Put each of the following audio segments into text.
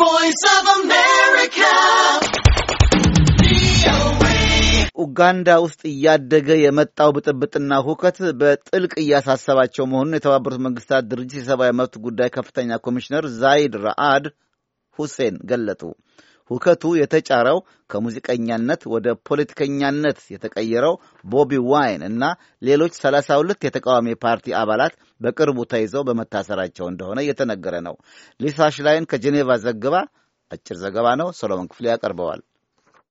voice of America. ኡጋንዳ ውስጥ እያደገ የመጣው ብጥብጥና ሁከት በጥልቅ እያሳሰባቸው መሆኑን የተባበሩት መንግስታት ድርጅት የሰብአዊ መብት ጉዳይ ከፍተኛ ኮሚሽነር ዛይድ ራአድ ሁሴን ገለጡ። ሁከቱ የተጫረው ከሙዚቀኛነት ወደ ፖለቲከኛነት የተቀየረው ቦቢ ዋይን እና ሌሎች 32 የተቃዋሚ ፓርቲ አባላት በቅርቡ ተይዘው በመታሰራቸው እንደሆነ እየተነገረ ነው። ሊሳ ሽላይን ከጄኔቫ ዘግባ አጭር ዘገባ ነው። ሰሎሞን ክፍሌ ያቀርበዋል።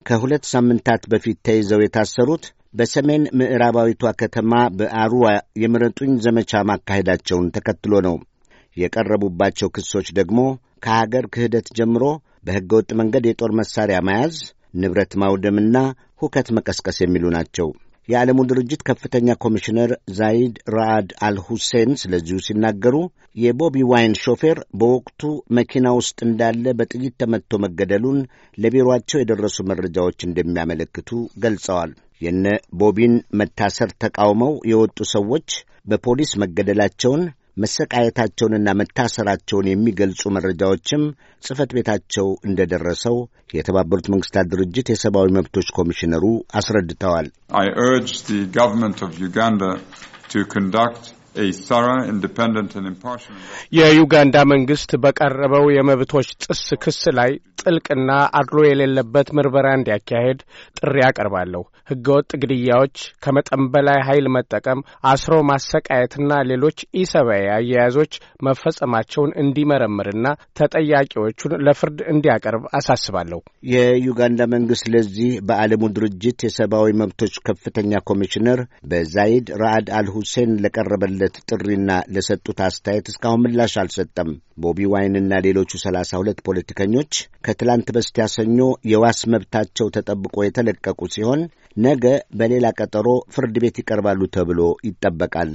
ከሁለት ሳምንታት በፊት ተይዘው የታሰሩት በሰሜን ምዕራባዊቷ ከተማ በአሩዋ የምረጡኝ ዘመቻ ማካሄዳቸውን ተከትሎ ነው። የቀረቡባቸው ክሶች ደግሞ ከሀገር ክህደት ጀምሮ ወጥ መንገድ የጦር መሣሪያ መያዝ፣ ንብረት ማውደምና ሁከት መቀስቀስ የሚሉ ናቸው። የዓለሙ ድርጅት ከፍተኛ ኮሚሽነር ዛይድ ራአድ አልሁሴን ስለዚሁ ሲናገሩ የቦቢ ዋይን ሾፌር በወቅቱ መኪና ውስጥ እንዳለ በጥይት ተመትቶ መገደሉን ለቢሮአቸው የደረሱ መረጃዎች እንደሚያመለክቱ ገልጸዋል። የነ ቦቢን መታሰር ተቃውመው የወጡ ሰዎች በፖሊስ መገደላቸውን መሰቃየታቸውንና መታሰራቸውን የሚገልጹ መረጃዎችም ጽህፈት ቤታቸው እንደ ደረሰው የተባበሩት መንግስታት ድርጅት የሰብአዊ መብቶች ኮሚሽነሩ አስረድተዋል። የዩጋንዳ መንግሥት በቀረበው የመብቶች ጥስ ክስ ላይ ጥልቅና አድሎ የሌለበት ምርመራ እንዲያካሄድ ጥሪ አቀርባለሁ። ሕገወጥ ግድያዎች፣ ከመጠን በላይ ኃይል መጠቀም፣ አስሮ ማሰቃየትና ሌሎች ኢሰብአዊ አያያዞች መፈጸማቸውን እንዲመረምርና ተጠያቂዎቹን ለፍርድ እንዲያቀርብ አሳስባለሁ። የዩጋንዳ መንግሥት ለዚህ በዓለሙ ድርጅት የሰብአዊ መብቶች ከፍተኛ ኮሚሽነር በዛይድ ራአድ አልሁሴን ለቀረበለት ጥሪና ለሰጡት አስተያየት እስካሁን ምላሽ አልሰጠም። ቦቢ ዋይንና ሌሎቹ ሰላሳ ሁለት ፖለቲከኞች ከ ከትላንት በስቲያ ሰኞ የዋስ መብታቸው ተጠብቆ የተለቀቁ ሲሆን ነገ በሌላ ቀጠሮ ፍርድ ቤት ይቀርባሉ ተብሎ ይጠበቃል።